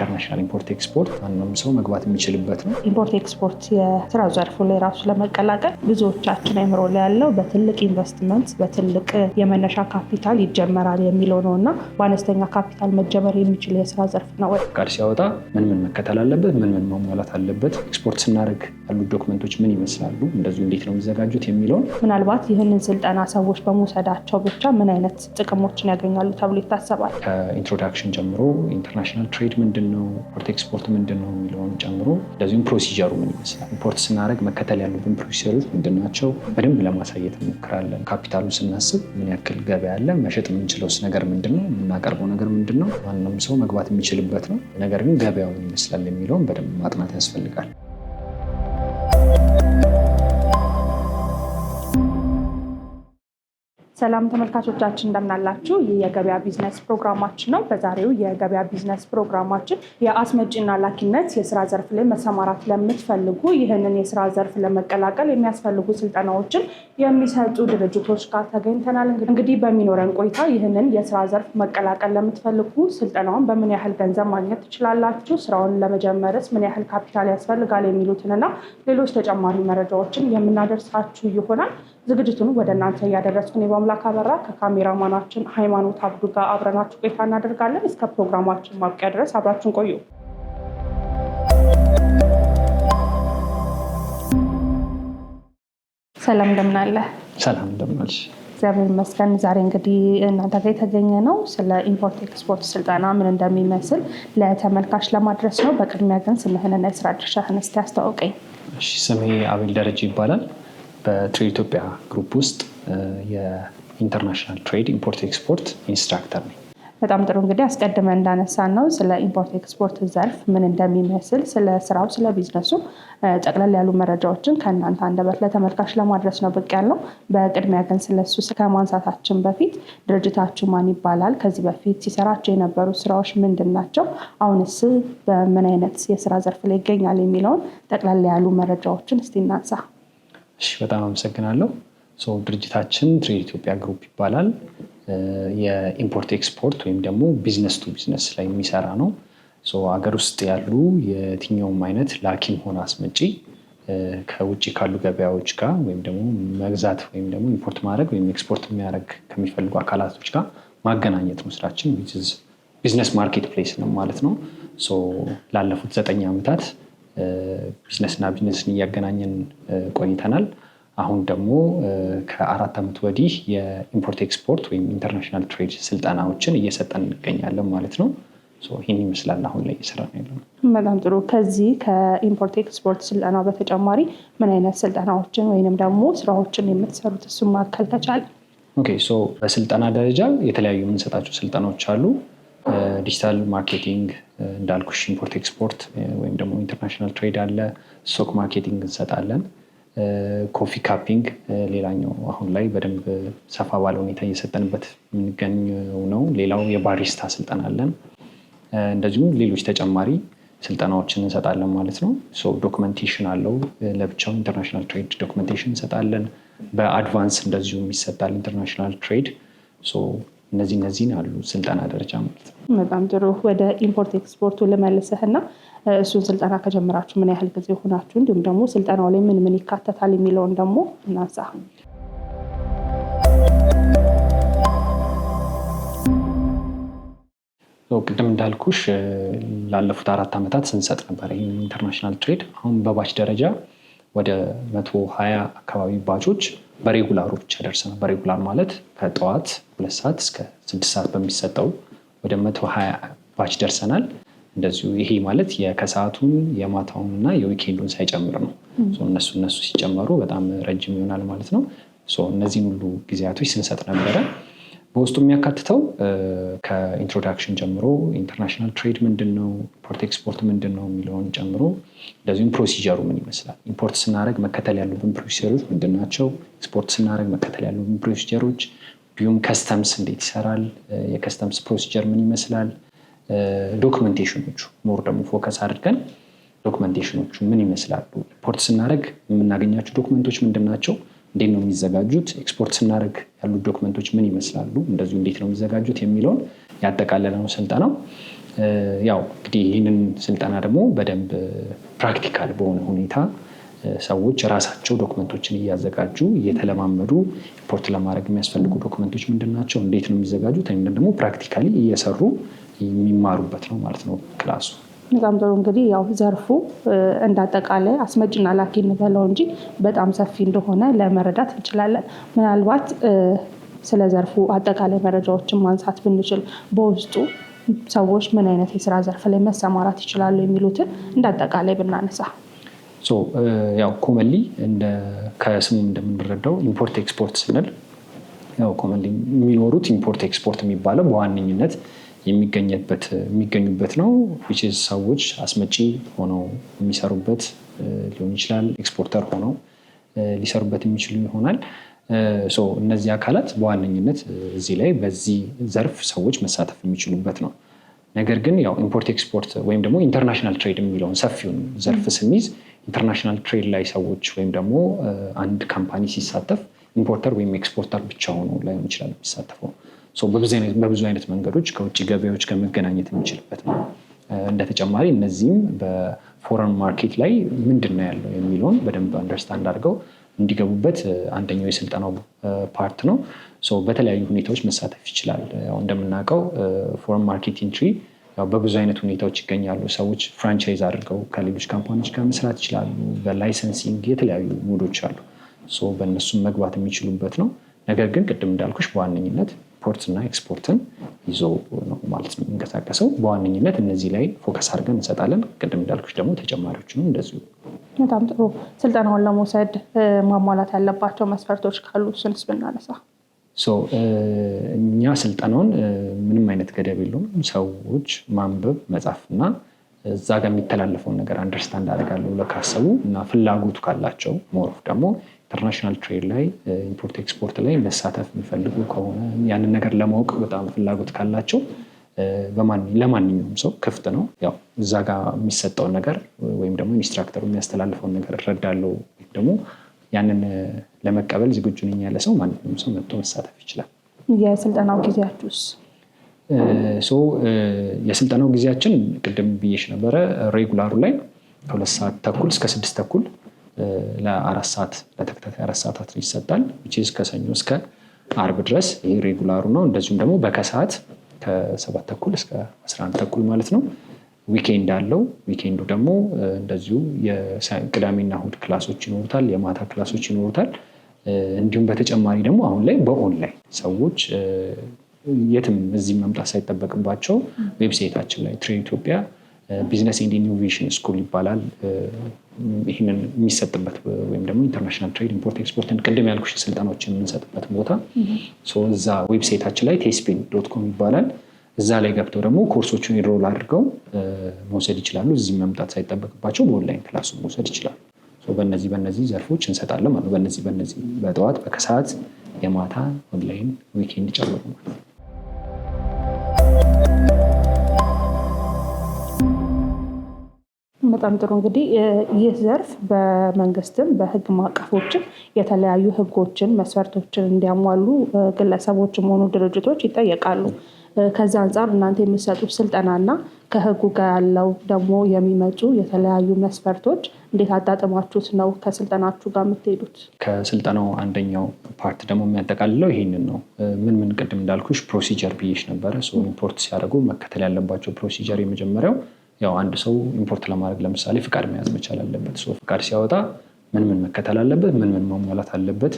ኢንተርናሽናል ኢምፖርት ኤክስፖርት ማንም ሰው መግባት የሚችልበት ነው። ኢምፖርት ኤክስፖርት የስራ ዘርፉ ላይ ራሱ ለመቀላቀል ብዙዎቻችን አይምሮ ላይ ያለው በትልቅ ኢንቨስትመንት በትልቅ የመነሻ ካፒታል ይጀመራል የሚለው ነው እና በአነስተኛ ካፒታል መጀመር የሚችል የስራ ዘርፍ ነው። ፍቃድ ሲያወጣ ምን ምን መከተል አለበት? ምን ምን መሟላት አለበት? ኤክስፖርት ስናደርግ ያሉት ዶክመንቶች ምን ይመስላሉ? እንደዚሁ እንዴት ነው የሚዘጋጁት የሚለውን ምናልባት ይህንን ስልጠና ሰዎች በመውሰዳቸው ብቻ ምን አይነት ጥቅሞችን ያገኛሉ ተብሎ ይታሰባል? ከኢንትሮዳክሽን ጀምሮ ኢንተርናሽናል ትሬድ ምንድን ነው፣ ኢምፖርት ኤክስፖርት ምንድን ነው የሚለውን ጨምሮ እንደዚሁም ፕሮሲጀሩ ምን ይመስላል፣ ኢምፖርት ስናደርግ መከተል ያሉብን ፕሮሲጀሮች ምንድን ናቸው በደንብ ለማሳየት እንሞክራለን። ካፒታሉን ስናስብ ምን ያክል ገበያ አለ፣ መሸጥ የምንችለውስ ነገር ምንድን ነው፣ የምናቀርበው ነገር ምንድን ነው፣ ማንም ሰው መግባት የሚችልበት ነው፣ ነገር ግን ገበያው ምን ይመስላል የሚለውን በደንብ ማጥናት ያስፈልጋል። ሰላም ተመልካቾቻችን እንደምናላችሁ። ይህ የገበያ ቢዝነስ ፕሮግራማችን ነው። በዛሬው የገበያ ቢዝነስ ፕሮግራማችን የአስመጪና ላኪነት የስራ ዘርፍ ላይ መሰማራት ለምትፈልጉ ይህንን የስራ ዘርፍ ለመቀላቀል የሚያስፈልጉ ስልጠናዎችን የሚሰጡ ድርጅቶች ጋር ተገኝተናል። እንግዲህ በሚኖረን ቆይታ ይህንን የስራ ዘርፍ መቀላቀል ለምትፈልጉ ስልጠናውን በምን ያህል ገንዘብ ማግኘት ትችላላችሁ፣ ስራውን ለመጀመርስ ምን ያህል ካፒታል ያስፈልጋል የሚሉትንና ሌሎች ተጨማሪ መረጃዎችን የምናደርሳችሁ ይሆናል። ዝግጅቱን ወደ እናንተ እያደረስኩ እኔ በአምላክ አበራ ከካሜራማናችን ሃይማኖት አብዱ ጋር አብረናችሁ ቆይታ እናደርጋለን። እስከ ፕሮግራማችን ማብቂያ ድረስ አብራችን ቆዩ። ሰላም እንደምናለ ሰላም እንደምን እግዚአብሔር ይመስገን። ዛሬ እንግዲህ እናንተ ጋር የተገኘ ነው ስለ ኢምፖርት ኤክስፖርት ስልጠና ምን እንደሚመስል ለተመልካች ለማድረስ ነው። በቅድሚያ ግን ስምህንና የስራ ድርሻህን እስቲ አስተዋውቀኝ። ስሜ አቤል ደረጀ ይባላል። በትሬድ ኢትዮጵያ ግሩፕ ውስጥ የኢንተርናሽናል ትሬድ ኢምፖርት ኤክስፖርት ኢንስትራክተር ነኝ። በጣም ጥሩ እንግዲህ አስቀድመን እንዳነሳን ነው ስለ ኢምፖርት ኤክስፖርት ዘርፍ ምን እንደሚመስል ስለ ስራው፣ ስለ ቢዝነሱ ጠቅለል ያሉ መረጃዎችን ከእናንተ አንደበት ለተመልካች ለማድረስ ነው ብቅ ያለው። በቅድሚያ ግን ስለሱ ከማንሳታችን በፊት ድርጅታችሁ ማን ይባላል? ከዚህ በፊት ሲሰራቸው የነበሩ ስራዎች ምንድን ናቸው? አሁንስ በምን አይነት የስራ ዘርፍ ላይ ይገኛል? የሚለውን ጠቅለል ያሉ መረጃዎችን እስቲ እናንሳ። እሺ፣ በጣም አመሰግናለሁ። ድርጅታችን ትሬድ ኢትዮጵያ ግሩፕ ይባላል። የኢምፖርት ኤክስፖርት ወይም ደግሞ ቢዝነስ ቱ ቢዝነስ ላይ የሚሰራ ነው። አገር ውስጥ ያሉ የትኛውም አይነት ላኪም ሆነ አስመጪ ከውጭ ካሉ ገበያዎች ጋር ወይም ደግሞ መግዛት ወይም ደግሞ ኢምፖርት ማድረግ ወይም ኤክስፖርት የሚያደረግ ከሚፈልጉ አካላቶች ጋር ማገናኘት ነው ስራችን። ቢዝነስ ማርኬት ፕሌስ ነው ማለት ነው። ላለፉት ዘጠኝ ዓመታት ቢዝነስና ቢዝነስን እያገናኘን ቆይተናል። አሁን ደግሞ ከአራት ዓመት ወዲህ የኢምፖርት ኤክስፖርት ወይም ኢንተርናሽናል ትሬድ ስልጠናዎችን እየሰጠን እንገኛለን ማለት ነው። ይህን ይመስላል አሁን ላይ እየሰራ ነው በጣም ጥሩ። ከዚህ ከኢምፖርት ኤክስፖርት ስልጠና በተጨማሪ ምን አይነት ስልጠናዎችን ወይንም ደግሞ ስራዎችን የምትሰሩት እሱ ማካከል ከቻለ? ሶ በስልጠና ደረጃ የተለያዩ የምንሰጣቸው ስልጠናዎች አሉ። ዲጂታል ማርኬቲንግ እንዳልኩሽ ኢምፖርት ኤክስፖርት ወይም ደግሞ ኢንተርናሽናል ትሬድ አለ። ስቶክ ማርኬቲንግ እንሰጣለን። ኮፊ ካፒንግ ሌላኛው አሁን ላይ በደንብ ሰፋ ባለ ሁኔታ እየሰጠንበት የምንገኘው ነው። ሌላው የባሪስታ ስልጠና አለን። እንደዚሁም ሌሎች ተጨማሪ ስልጠናዎችን እንሰጣለን ማለት ነው። ዶክመንቴሽን አለው ለብቻው ኢንተርናሽናል ትሬድ ዶክመንቴሽን እንሰጣለን። በአድቫንስ እንደዚሁም ይሰጣል ኢንተርናሽናል ትሬድ እነዚህ እነዚህን አሉ ስልጠና ደረጃ ማለት ነው። በጣም ጥሩ። ወደ ኢምፖርት ኤክስፖርቱ ልመልስህ እና እሱን ስልጠና ከጀመራችሁ ምን ያህል ጊዜ ሆናችሁ? እንዲሁም ደግሞ ስልጠናው ላይ ምን ምን ይካተታል የሚለውን ደግሞ እናንሳ። ቅድም እንዳልኩሽ ላለፉት አራት ዓመታት ስንሰጥ ነበር ይህን ኢንተርናሽናል ትሬድ። አሁን በባች ደረጃ ወደ መቶ ሀያ አካባቢ ባቾች በሬጉላሩ ብቻ ደርሰናል። በሬጉላር ማለት ከጠዋት ሁለት ሰዓት እስከ ስድስት ሰዓት በሚሰጠው ወደ መቶ ሀያ ባች ደርሰናል። እንደዚሁ ይሄ ማለት ከሰዓቱን የማታውን እና የዊኬንዱን ሳይጨምር ነው። እነሱ እነሱ ሲጨመሩ በጣም ረጅም ይሆናል ማለት ነው። እነዚህን ሁሉ ጊዜያቶች ስንሰጥ ነበረ። በውስጡ የሚያካትተው ከኢንትሮዳክሽን ጀምሮ ኢንተርናሽናል ትሬድ ምንድን ነው፣ ኢምፖርት ኤክስፖርት ምንድን ነው የሚለውን ጨምሮ እንደዚሁም ፕሮሲጀሩ ምን ይመስላል፣ ኢምፖርት ስናደረግ መከተል ያሉብን ፕሮሲጀሮች ምንድን ናቸው፣ ኤክስፖርት ስናደረግ መከተል ያሉብን ፕሮሲጀሮች እንዲሁም ከስተምስ እንዴት ይሰራል፣ የከስተምስ ፕሮሲጀር ምን ይመስላል፣ ዶክመንቴሽኖቹ ሞር ደግሞ ፎከስ አድርገን ዶክመንቴሽኖቹ ምን ይመስላሉ፣ ኢምፖርት ስናደረግ የምናገኛቸው ዶክመንቶች ምንድን ናቸው እንዴት ነው የሚዘጋጁት፣ ኤክስፖርት ስናደርግ ያሉት ዶክመንቶች ምን ይመስላሉ፣ እንደዚሁ እንዴት ነው የሚዘጋጁት የሚለውን ያጠቃለለ ነው ስልጠናው። ያው እንግዲህ ይህንን ስልጠና ደግሞ በደንብ ፕራክቲካል በሆነ ሁኔታ ሰዎች ራሳቸው ዶክመንቶችን እያዘጋጁ እየተለማመዱ ኢምፖርት ለማድረግ የሚያስፈልጉ ዶክመንቶች ምንድን ናቸው፣ እንዴት ነው የሚዘጋጁት፣ ወይም ደግሞ ፕራክቲካሊ እየሰሩ የሚማሩበት ነው ማለት ነው ክላሱ። በጣም ጥሩ እንግዲህ ያው ዘርፉ እንዳጠቃላይ አስመጭና ላኪ እንበለው እንጂ በጣም ሰፊ እንደሆነ ለመረዳት እንችላለን። ምናልባት ስለ ዘርፉ አጠቃላይ መረጃዎችን ማንሳት ብንችል በውስጡ ሰዎች ምን አይነት የስራ ዘርፍ ላይ መሰማራት ይችላሉ የሚሉትን እንዳጠቃላይ ብናነሳ ያው ኮመንሊ ከስሙ እንደምንረዳው ኢምፖርት ኤክስፖርት ስንል ያው ኮመንሊ የሚኖሩት ኢምፖርት ኤክስፖርት የሚባለው በዋነኝነት የሚገኙበት ነው። ሰዎች አስመጪ ሆነው የሚሰሩበት ሊሆን ይችላል። ኤክስፖርተር ሆነው ሊሰሩበት የሚችሉ ይሆናል። እነዚህ አካላት በዋነኝነት እዚህ ላይ በዚህ ዘርፍ ሰዎች መሳተፍ የሚችሉበት ነው። ነገር ግን ያው ኢምፖርት ኤክስፖርት ወይም ደግሞ ኢንተርናሽናል ትሬድ የሚለውን ሰፊውን ዘርፍ ስንይዝ ኢንተርናሽናል ትሬድ ላይ ሰዎች ወይም ደግሞ አንድ ካምፓኒ ሲሳተፍ ኢምፖርተር ወይም ኤክስፖርተር ብቻ ሆኖ ላይሆን ይችላል የሚሳተፈው በብዙ አይነት መንገዶች ከውጭ ገበያዎች ጋር መገናኘት የሚችልበት ነው። እንደተጨማሪ እነዚህም በፎረን ማርኬት ላይ ምንድን ነው ያለው የሚለውን በደንብ አንደርስታንድ አድርገው እንዲገቡበት አንደኛው የስልጠናው ፓርት ነው። በተለያዩ ሁኔታዎች መሳተፍ ይችላል። እንደምናውቀው ፎረን ማርኬት ኢንትሪ በብዙ አይነት ሁኔታዎች ይገኛሉ። ሰዎች ፍራንቻይዝ አድርገው ከሌሎች ካምፓኒዎች ጋር መስራት ይችላሉ። በላይሰንሲንግ የተለያዩ ሞዶች አሉ። በእነሱም መግባት የሚችሉበት ነው። ነገር ግን ቅድም እንዳልኩሽ በዋነኝነት ኢምፖርት እና ኤክስፖርትን ይዞ ነው ማለት ነው የሚንቀሳቀሰው። በዋነኝነት እነዚህ ላይ ፎከስ አድርገን እንሰጣለን። ቅድም እንዳልኩች ደግሞ ተጨማሪዎችንም እንደዚሁ። በጣም ጥሩ። ስልጠናውን ለመውሰድ ማሟላት ያለባቸው መስፈርቶች ካሉ እሱንስ ብናነሳ? እኛ ስልጠናውን ምንም አይነት ገደብ የለውም። ሰዎች ማንበብ መጻፍና እዛ ጋር የሚተላለፈውን ነገር አንደርስታንድ አደርጋለሁ ብለው ካሰቡ እና ፍላጎቱ ካላቸው ሞሮፍ ደግሞ ኢንተርናሽናል ትሬድ ላይ ኢምፖርት ኤክስፖርት ላይ መሳተፍ የሚፈልጉ ከሆነ ያንን ነገር ለማወቅ በጣም ፍላጎት ካላቸው ለማንኛውም ሰው ክፍት ነው። ያው እዛ ጋር የሚሰጠውን ነገር ወይም ደግሞ ኢንስትራክተሩ የሚያስተላልፈውን ነገር እረዳለሁ ወይም ደግሞ ያንን ለመቀበል ዝግጁ ነኝ ያለ ሰው ማንኛውም ሰው መጥቶ መሳተፍ ይችላል። የስልጠናው ጊዜያችሁስ? የስልጠናው ጊዜያችን ቅድም ብዬሽ ነበረ ሬጉላሩ ላይ ከሁለት ሰዓት ተኩል እስከ ስድስት ተኩል ለአራት ሰዓት ለተከታታይ አራት ሰዓታት ይሰጣል። ከሰኞ እስከ አርብ ድረስ ይህ ሬጉላሩ ነው። እንደዚሁም ደግሞ በከሰዓት ከሰባት ተኩል እስከ አስራ አንድ ተኩል ማለት ነው። ዊኬንድ አለው። ዊኬንዱ ደግሞ እንደዚሁ ቅዳሜና እሁድ ክላሶች ይኖሩታል፣ የማታ ክላሶች ይኖሩታል። እንዲሁም በተጨማሪ ደግሞ አሁን ላይ በኦንላይን ሰዎች የትም እዚህ መምጣት ሳይጠበቅባቸው ዌብሳይታችን ላይ ትሬን ኢትዮጵያ ቢዝነስ ኤንድ ኢኖቬሽን ስኩል ይባላል። ይህንን የሚሰጥበት ወይም ደግሞ ኢንተርናሽናል ትሬድ ኢምፖርት ኤክስፖርትን ቅድም ያልኩሽ ስልጠናዎችን የምንሰጥበት ቦታ እዛ ዌብሳይታችን ላይ ቴስፔን ዶት ኮም ይባላል። እዛ ላይ ገብተው ደግሞ ኮርሶቹን ሮል አድርገው መውሰድ ይችላሉ። እዚህ መምጣት ሳይጠበቅባቸው በኦንላይን ክላሱ መውሰድ ይችላሉ። በነዚህ በነዚህ ዘርፎች እንሰጣለን ማለት በነዚህ በጠዋት በከሰዓት የማታ ኦንላይን ዊኬንድ ጨምሮ ማለት ነው። በጣም ጥሩ እንግዲህ ይህ ዘርፍ በመንግስትም በህግ ማዕቀፎችም የተለያዩ ህጎችን፣ መስፈርቶችን እንዲያሟሉ ግለሰቦችም ሆኑ ድርጅቶች ይጠየቃሉ። ከዛ አንጻር እናንተ የሚሰጡት ስልጠናና ከህጉ ጋር ያለው ደግሞ የሚመጡ የተለያዩ መስፈርቶች እንዴት አጣጥማችሁት ነው ከስልጠናችሁ ጋር የምትሄዱት? ከስልጠናው አንደኛው ፓርት ደግሞ የሚያጠቃልለው ይህንን ነው። ምን ምን ቅድም እንዳልኩሽ ፕሮሲጀር ብይሽ ነበረ። ኢምፖርት ሲያደርጉ መከተል ያለባቸው ፕሮሲጀር የመጀመሪያው ያው አንድ ሰው ኢምፖርት ለማድረግ ለምሳሌ ፍቃድ መያዝ መቻል አለበት። ሰው ፍቃድ ሲያወጣ ምን ምን መከተል አለበት? ምን ምን መሟላት አለበት?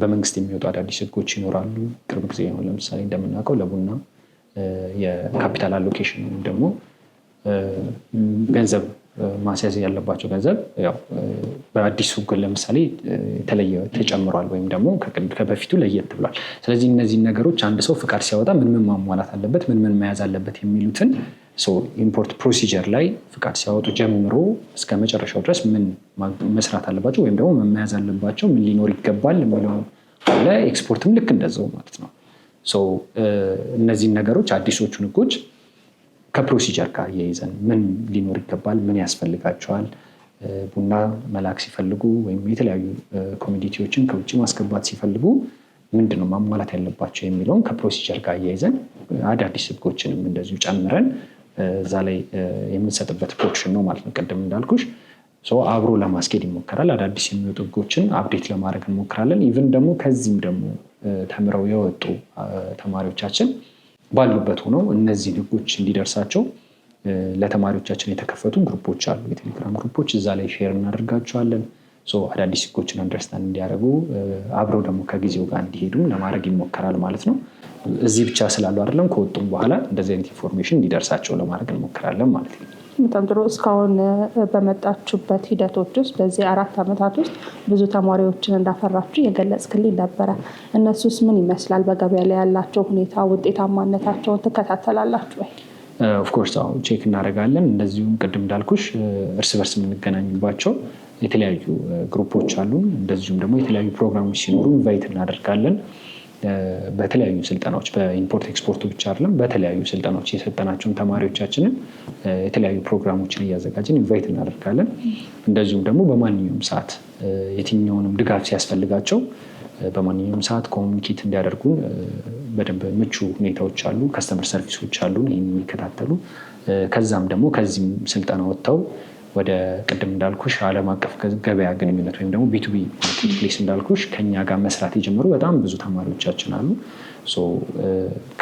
በመንግስት የሚወጡ አዳዲስ ህጎች ይኖራሉ። ቅርብ ጊዜ ነው ለምሳሌ እንደምናውቀው ለቡና የካፒታል አሎኬሽን ወይም ደግሞ ገንዘብ ማስያዝ ያለባቸው ገንዘብ በአዲሱ ህግ ለምሳሌ የተለየ ተጨምሯል ወይም ደግሞ ከበፊቱ ለየት ብሏል። ስለዚህ እነዚህ ነገሮች አንድ ሰው ፍቃድ ሲያወጣ ምን ምን ማሟላት አለበት፣ ምን ምን መያዝ አለበት የሚሉትን ኢምፖርት ፕሮሲጀር ላይ ፍቃድ ሲያወጡ ጀምሮ እስከ መጨረሻው ድረስ ምን መስራት አለባቸው ወይም ደግሞ ምን መያዝ አለባቸው፣ ምን ሊኖር ይገባል የሚለው ለኤክስፖርትም ልክ እንደዛው ማለት ነው። እነዚህን ነገሮች አዲሶቹን ህጎች ከፕሮሲጀር ጋር እያይዘን ምን ሊኖር ይገባል፣ ምን ያስፈልጋቸዋል፣ ቡና መላክ ሲፈልጉ ወይም የተለያዩ ኮሚዲቲዎችን ከውጭ ማስገባት ሲፈልጉ ምንድን ነው ማሟላት ያለባቸው የሚለውን ከፕሮሲጀር ጋር እያይዘን አዳዲስ ህጎችንም እንደዚሁ ጨምረን እዛ ላይ የምንሰጥበት ፖርሽን ነው ማለት ነው። ቅድም እንዳልኩሽ አብሮ ለማስኬድ ይሞከራል። አዳዲስ የሚወጡ ህጎችን አፕዴት ለማድረግ እንሞክራለን። ኢቭን ደግሞ ከዚህም ደግሞ ተምረው የወጡ ተማሪዎቻችን ባሉበት ሆነው እነዚህ ህጎች እንዲደርሳቸው ለተማሪዎቻችን የተከፈቱ ግሩፖች አሉ፣ የቴሌግራም ግሩፖች። እዛ ላይ ሼር እናደርጋቸዋለን። አዳዲስ ህጎችን አንደርስታንድ እንዲያደርጉ አብረው ደግሞ ከጊዜው ጋር እንዲሄዱ ለማድረግ ይሞከራል ማለት ነው። እዚህ ብቻ ስላሉ አይደለም፣ ከወጡም በኋላ እንደዚህ አይነት ኢንፎርሜሽን እንዲደርሳቸው ለማድረግ እንሞክራለን ማለት ነው። በጣም ጥሩ። እስካሁን በመጣችሁበት ሂደቶች ውስጥ በዚህ አራት ዓመታት ውስጥ ብዙ ተማሪዎችን እንዳፈራችሁ የገለጽክልኝ ነበረ። እነሱስ ምን ይመስላል? በገበያ ላይ ያላቸው ሁኔታ ውጤታማነታቸውን ትከታተላላችሁ ወይ? ኦፍኮርስ አሁ ቼክ እናደርጋለን። እንደዚሁም ቅድም እንዳልኩሽ እርስ በርስ የምንገናኝባቸው የተለያዩ ግሩፖች አሉ እንደዚሁም ደግሞ የተለያዩ ፕሮግራሞች ሲኖሩ ኢንቫይት እናደርጋለን። በተለያዩ ስልጠናዎች በኢምፖርት ኤክስፖርቱ ብቻ አይደለም፣ በተለያዩ ስልጠናዎች የሰጠናቸውን ተማሪዎቻችንን የተለያዩ ፕሮግራሞችን እያዘጋጀን ኢንቫይት እናደርጋለን። እንደዚሁም ደግሞ በማንኛውም ሰዓት የትኛውንም ድጋፍ ሲያስፈልጋቸው በማንኛውም ሰዓት ኮሚኒኬት እንዲያደርጉ በደንብ ምቹ ሁኔታዎች አሉ። ከስተመር ሰርቪሶች አሉ የሚከታተሉ ከዛም ደግሞ ከዚህም ስልጠና ወጥተው ወደ ቅድም እንዳልኩሽ ዓለም አቀፍ ገበያ ግንኙነት ወይም ደግሞ ቢቱቢ ማርኬት ፕሌስ እንዳልኩሽ ከኛ ጋር መስራት የጀመሩ በጣም ብዙ ተማሪዎቻችን አሉ።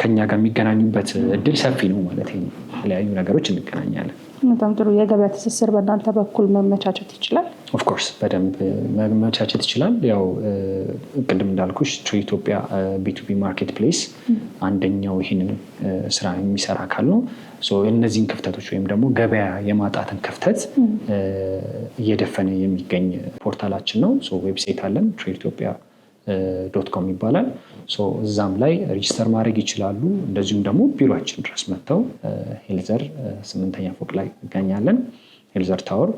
ከኛ ጋር የሚገናኙበት እድል ሰፊ ነው ማለት ነው። የተለያዩ ነገሮች እንገናኛለን። በጣም ጥሩ የገበያ ትስስር በእናንተ በኩል መመቻቸት ይችላል። ኦፍኮርስ በደንብ መመቻቸት ይችላል። ያው ቅድም እንዳልኩሽ ትሩ ኢትዮጵያ ቢቱቢ ማርኬት ፕሌስ አንደኛው ይህንን ስራ የሚሰራ አካል ነው። እነዚህን ክፍተቶች ወይም ደግሞ ገበያ የማጣትን ክፍተት እየደፈነ የሚገኝ ፖርታላችን ነው። ዌብሳይት አለን ትሩ ኢትዮጵያ ዶት ኮም ይባላል። እዛም ላይ ሬጅስተር ማድረግ ይችላሉ። እንደዚሁም ደግሞ ቢሮችን ድረስ መጥተው ሄልዘር ስምንተኛ ፎቅ ላይ እንገኛለን፣ ሄልዘር ታወር።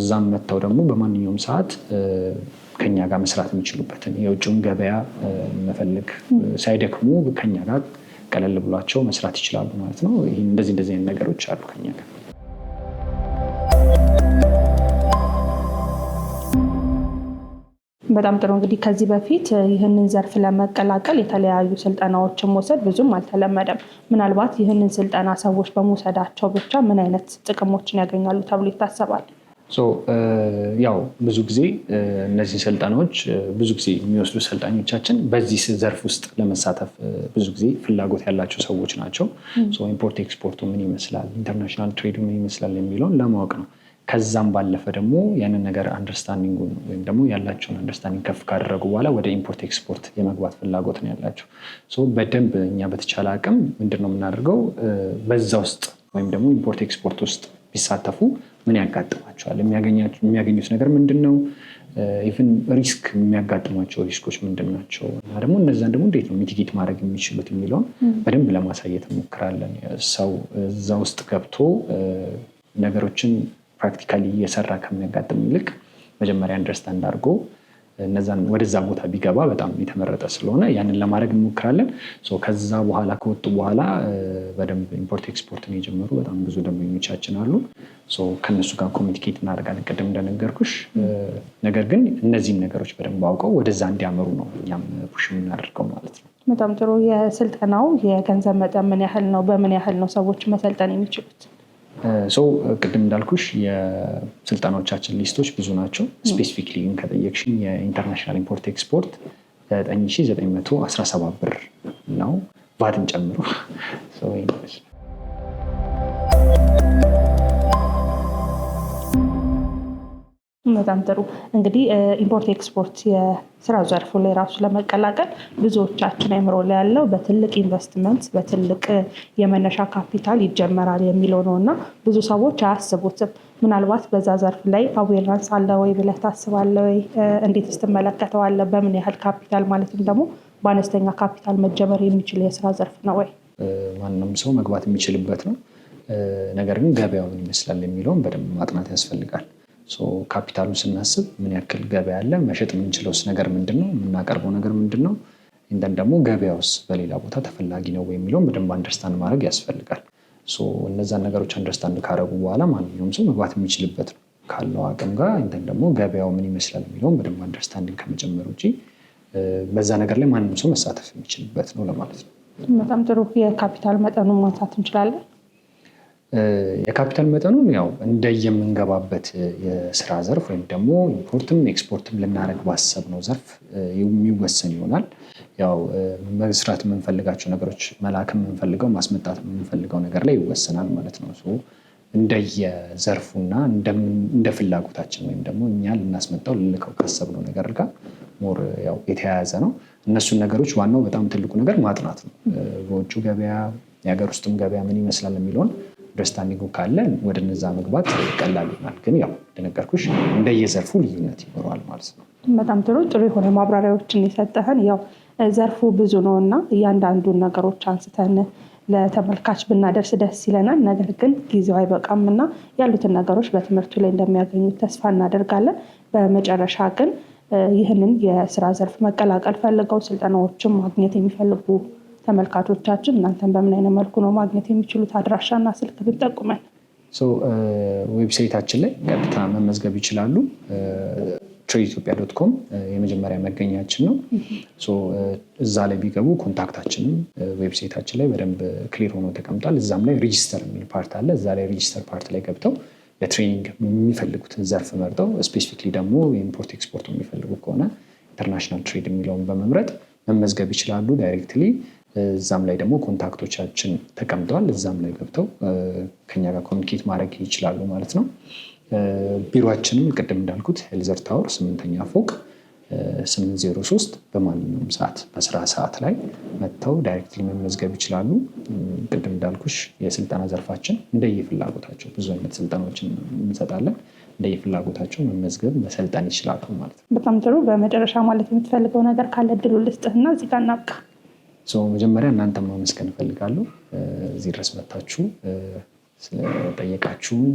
እዛም መጥተው ደግሞ በማንኛውም ሰዓት ከኛ ጋር መስራት የሚችሉበትን የውጭውን ገበያ መፈለግ ሳይደክሙ ከኛ ጋር ቀለል ብሏቸው መስራት ይችላሉ ማለት ነው። እንደዚህ እንደዚህ አይነት ነገሮች አሉ ከኛ ጋር በጣም ጥሩ እንግዲህ ከዚህ በፊት ይህንን ዘርፍ ለመቀላቀል የተለያዩ ስልጠናዎችን መውሰድ ብዙም አልተለመደም። ምናልባት ይህንን ስልጠና ሰዎች በመውሰዳቸው ብቻ ምን አይነት ጥቅሞችን ያገኛሉ ተብሎ ይታሰባል? ያው ብዙ ጊዜ እነዚህ ስልጠናዎች ብዙ ጊዜ የሚወስዱ ሰልጣኞቻችን በዚህ ዘርፍ ውስጥ ለመሳተፍ ብዙ ጊዜ ፍላጎት ያላቸው ሰዎች ናቸው። ኢምፖርት ኤክስፖርቱ ምን ይመስላል፣ ኢንተርናሽናል ትሬዱ ምን ይመስላል የሚለውን ለማወቅ ነው። ከዛም ባለፈ ደግሞ ያንን ነገር አንደርስታንዲንጉን ወይም ደግሞ ያላቸውን አንደርስታንዲንግ ከፍ ካደረጉ በኋላ ወደ ኢምፖርት ኤክስፖርት የመግባት ፍላጎት ነው ያላቸው። በደንብ እኛ በተቻለ አቅም ምንድን ነው የምናደርገው በዛ ውስጥ ወይም ደግሞ ኢምፖርት ኤክስፖርት ውስጥ ቢሳተፉ ምን ያጋጥማቸዋል? የሚያገኙት ነገር ምንድን ነው? ኢቭን ሪስክ የሚያጋጥሟቸው ሪስኮች ምንድን ናቸው? እና ደግሞ እነዛን ደግሞ እንዴት ነው ሚቲጌት ማድረግ የሚችሉት የሚለውን በደንብ ለማሳየት እንሞክራለን። ሰው እዛ ውስጥ ገብቶ ነገሮችን ፕራክቲካሊ እየሰራ ከሚያጋጥም ይልቅ መጀመሪያ አንደርስታንድ አድርጎ እነዛን ወደዛ ቦታ ቢገባ በጣም የተመረጠ ስለሆነ ያንን ለማድረግ እንሞክራለን። ከዛ በኋላ ከወጡ በኋላ በደንብ ኢምፖርት ኤክስፖርትን የጀመሩ በጣም ብዙ ደንበኞቻችን አሉ። ከነሱ ጋር ኮሚኒኬት እናደርጋለን፣ ቅድም እንደነገርኩሽ። ነገር ግን እነዚህን ነገሮች በደንብ አውቀው ወደዛ እንዲያመሩ ነው እኛም ሽ የምናደርገው ማለት ነው። በጣም ጥሩ። የስልጠናው የገንዘብ መጠን ምን ያህል ነው? በምን ያህል ነው ሰዎች መሰልጠን የሚችሉት? ሰው ቅድም እንዳልኩሽ የስልጠናዎቻችን ሊስቶች ብዙ ናቸው። ስፔሲፊክሊ ግን ከጠየቅሽኝ የኢንተርናሽናል ኢምፖርት ኤክስፖርት 9917 ብር ነው ቫትን ጨምሮ በጣም ጥሩ እንግዲህ ኢምፖርት ኤክስፖርት የስራ ዘርፉ ላይ ራሱ ለመቀላቀል ብዙዎቻችን አይምሮ ላይ ያለው በትልቅ ኢንቨስትመንት በትልቅ የመነሻ ካፒታል ይጀመራል የሚለው ነው እና ብዙ ሰዎች አያስቡትም። ምናልባት በዛ ዘርፍ ላይ አዌርነስ አለ ወይ ብለህ ታስባለህ ወይ? እንዴት ትመለከተዋለህ? በምን ያህል ካፒታል ማለትም ደግሞ በአነስተኛ ካፒታል መጀመር የሚችል የስራ ዘርፍ ነው ወይ? ማንም ሰው መግባት የሚችልበት ነው። ነገር ግን ገበያው ምን ይመስላል የሚለውን በደንብ ማጥናት ያስፈልጋል። ካፒታሉን ስናስብ ምን ያክል ገበያ አለ፣ መሸጥ የምንችለውስ ነገር ምንድን ነው፣ የምናቀርበው ነገር ምንድን ነው፣ እንደን ደግሞ ገበያውስ በሌላ ቦታ ተፈላጊ ነው የሚለውን በደንብ አንደርስታንድ ማድረግ ያስፈልጋል። እነዛን ነገሮች አንደርስታንድ ካደረጉ በኋላ ማንኛውም ሰው መግባት የሚችልበት ነው ካለው አቅም ጋር እንደን ደግሞ ገበያው ምን ይመስላል የሚለውን በደንብ አንደርስታንድን ከመጨመር ውጭ በዛ ነገር ላይ ማንም ሰው መሳተፍ የሚችልበት ነው ለማለት ነው። በጣም ጥሩ። የካፒታል መጠኑ ማንሳት እንችላለን። የካፒታል መጠኑን ያው እንደየምንገባበት የስራ ዘርፍ ወይም ደግሞ ኢምፖርትም ኤክስፖርትም ልናደርግ ነው ዘርፍ የሚወሰን ይሆናል። ያው መስራት የምንፈልጋቸው ነገሮች መላክ የምንፈልገው ማስመጣት የምንፈልገው ነገር ላይ ይወሰናል ማለት ነው። እንደየዘርፉና እንደ ፍላጎታችን ወይም ደግሞ እኛ ልናስመጣው ልልከው ካሰብነው ነገር ጋር ሞር ያው የተያያዘ ነው። እነሱን ነገሮች ዋናው በጣም ትልቁ ነገር ማጥናት ነው። በውጭ ገበያ የሀገር ውስጥም ገበያ ምን ይመስላል የሚለውን ብሬስት ዳምፒንጉ ካለ ወደ ነዛ መግባት ቀላል ይሆናል። ግን ያው እንደነገርኩሽ እንደየዘርፉ ልዩነት ይኖረዋል ማለት ነው። በጣም ጥሩ ጥሩ የሆነ ማብራሪያዎችን የሰጠህን ያው ዘርፉ ብዙ ነው እና እያንዳንዱን ነገሮች አንስተን ለተመልካች ብናደርስ ደስ ይለናል። ነገር ግን ጊዜው አይበቃም እና ያሉትን ነገሮች በትምህርቱ ላይ እንደሚያገኙት ተስፋ እናደርጋለን። በመጨረሻ ግን ይህንን የስራ ዘርፍ መቀላቀል ፈልገው ስልጠናዎችን ማግኘት የሚፈልጉ ተመልካቾቻችን እናንተን በምን አይነት መልኩ ነው ማግኘት የሚችሉት? አድራሻና ስልክ ብንጠቁመን። ዌብሳይታችን ላይ ቀጥታ መመዝገብ ይችላሉ። ትሬድ ኢትዮጵያ ዶት ኮም የመጀመሪያ መገኛችን ነው። እዛ ላይ ቢገቡ ኮንታክታችንም ዌብሳይታችን ላይ በደንብ ክሊር ሆኖ ተቀምጧል። እዛም ላይ ሬጂስተር የሚል ፓርት አለ። እዛ ላይ ሬጂስተር ፓርት ላይ ገብተው ለትሬኒንግ የሚፈልጉትን ዘርፍ መርጠው ስፔሲፊክሊ ደግሞ ኢምፖርት ኤክስፖርት የሚፈልጉ ከሆነ ኢንተርናሽናል ትሬድ የሚለውን በመምረጥ መመዝገብ ይችላሉ ዳይሬክትሊ እዛም ላይ ደግሞ ኮንታክቶቻችን ተቀምጠዋል። እዛም ላይ ገብተው ከኛ ጋር ኮሚኒኬት ማድረግ ይችላሉ ማለት ነው። ቢሮችንም ቅድም እንዳልኩት ኤልዘር ታወር ስምንተኛ ፎቅ 803 በማንኛውም ሰዓት በስራ ሰዓት ላይ መጥተው ዳይሬክትሊ መመዝገብ ይችላሉ። ቅድም እንዳልኩሽ የስልጠና ዘርፋችን እንደየፍላጎታቸው ብዙ አይነት ስልጠናዎችን እንሰጣለን። እንደየፍላጎታቸው መመዝገብ መሰልጠን ይችላሉ ማለት ነው። በጣም ጥሩ። በመጨረሻ ማለት የምትፈልገው ነገር ካለ ድሉ ልስጥህና እዚጋ እናብቃ። መጀመሪያ እናንተም ማመስገን እፈልጋለሁ። እዚህ ድረስ መታችሁ ስለጠየቃችሁን፣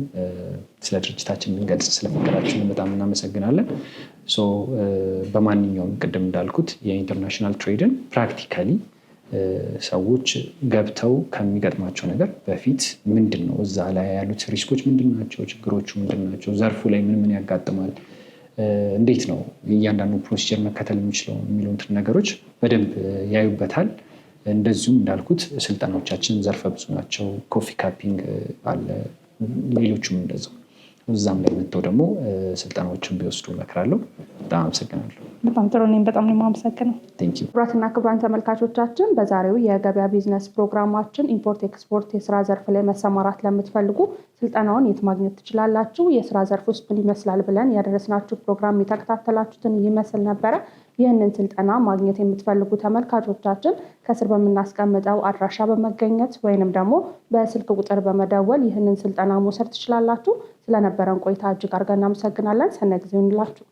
ስለ ድርጅታችን ልንገልጽ ስለፈቀዳችሁን በጣም እናመሰግናለን። በማንኛውም ቅድም እንዳልኩት የኢንተርናሽናል ትሬድን ፕራክቲካሊ ሰዎች ገብተው ከሚገጥማቸው ነገር በፊት ምንድን ነው እዛ ላይ ያሉት ሪስኮች ምንድን ናቸው፣ ችግሮቹ ምንድን ናቸው፣ ዘርፉ ላይ ምን ምን ያጋጥማል እንዴት ነው እያንዳንዱ ፕሮሲጀር መከተል የሚችለው የሚሉትን ነገሮች በደንብ ያዩበታል። እንደዚሁም እንዳልኩት ስልጠናዎቻችን ዘርፈ ብዙ ናቸው። ኮፊ ካፒንግ አለ፣ ሌሎችም እንደዚ እዛም ላይ መጥተው ደግሞ ስልጠናዎችን ቢወስዱ እመክራለሁ። በጣም አመሰግናለሁ። በጣም ጥሩ። እኔም በጣም ነው የማመሰግነው። ክቡራትና ክቡራን ተመልካቾቻችን በዛሬው የገበያ ቢዝነስ ፕሮግራማችን ኢምፖርት ኤክስፖርት የስራ ዘርፍ ላይ መሰማራት ለምትፈልጉ ስልጠናውን የት ማግኘት ትችላላችሁ? የስራ ዘርፍ ውስጥ ምን ይመስላል ብለን ያደረስናችሁ ፕሮግራም የተከታተላችሁትን ይመስል ነበረ። ይህንን ስልጠና ማግኘት የምትፈልጉ ተመልካቾቻችን ከስር በምናስቀምጠው አድራሻ በመገኘት ወይንም ደግሞ በስልክ ቁጥር በመደወል ይህንን ስልጠና መውሰድ ትችላላችሁ። ስለነበረን ቆይታ እጅግ አድርገን እናመሰግናለን። ሰነ ጊዜ ይሁንላችሁ።